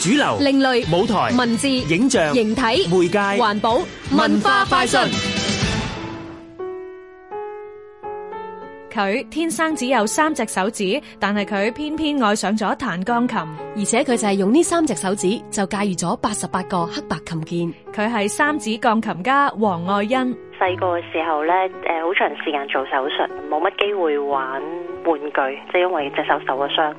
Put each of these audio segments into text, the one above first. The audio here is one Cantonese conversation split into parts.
主流、另類舞台、文字、影像、形體、媒介、環保、文化快訊。佢天生只有三隻手指，但係佢偏偏愛上咗彈鋼琴，而且佢就係用呢三隻手指就駕馭咗八十八個黑白琴鍵。佢係三指鋼琴家黃愛恩。細個嘅時候咧，誒，好長時間做手術，冇乜機會玩，玩玩具，即係因為隻手受咗傷。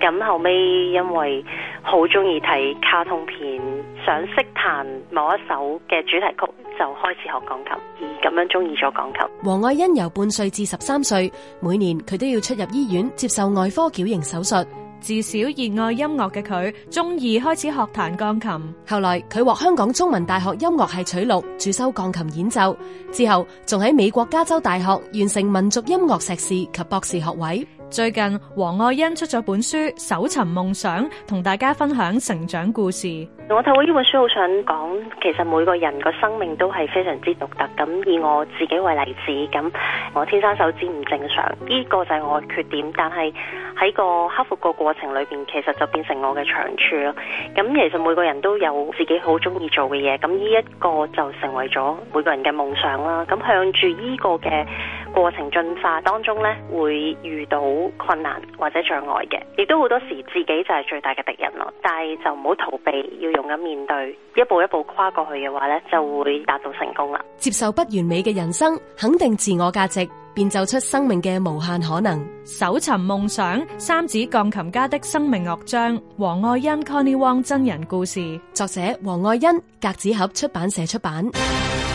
咁後尾，因為好中意睇卡通片，想識彈某一首嘅主題曲，就開始學鋼琴，而、嗯、咁樣中意咗鋼琴。王愛欣由半歲至十三歲，每年佢都要出入醫院接受外科矯形手術。自小熱愛音樂嘅佢，中意開始學彈鋼琴。後來佢獲香港中文大學音樂系取錄，主修鋼琴演奏，之後仲喺美國加州大學完成民族音樂碩士及博士學位。最近王愛恩出咗本書《搜尋夢想》，同大家分享成長故事。我透過呢本書，好想講，其實每個人嘅生命都係非常之獨特。咁以我自己為例子，咁我天生手指唔正常，呢個就係我嘅缺點。但係喺個克服個過程裏邊，其實就變成我嘅長處咯。咁其實每個人都有自己好中意做嘅嘢，咁呢一個就成為咗每個人嘅夢想啦。咁向住呢個嘅。過程進化當中咧，會遇到困難或者障礙嘅，亦都好多時自己就係最大嘅敵人咯。但係就唔好逃避，要勇敢面對，一步一步跨過去嘅話咧，就會達到成功啦。接受不完美嘅人生，肯定自我價值。變奏出生命嘅無限可能，搜尋夢想三指鋼琴家的生命樂章，黃愛恩 Connie Wong 真人故事，作者黃愛恩，格子盒出版社出版。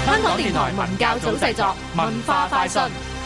香港電台文教組製作，文化快訊。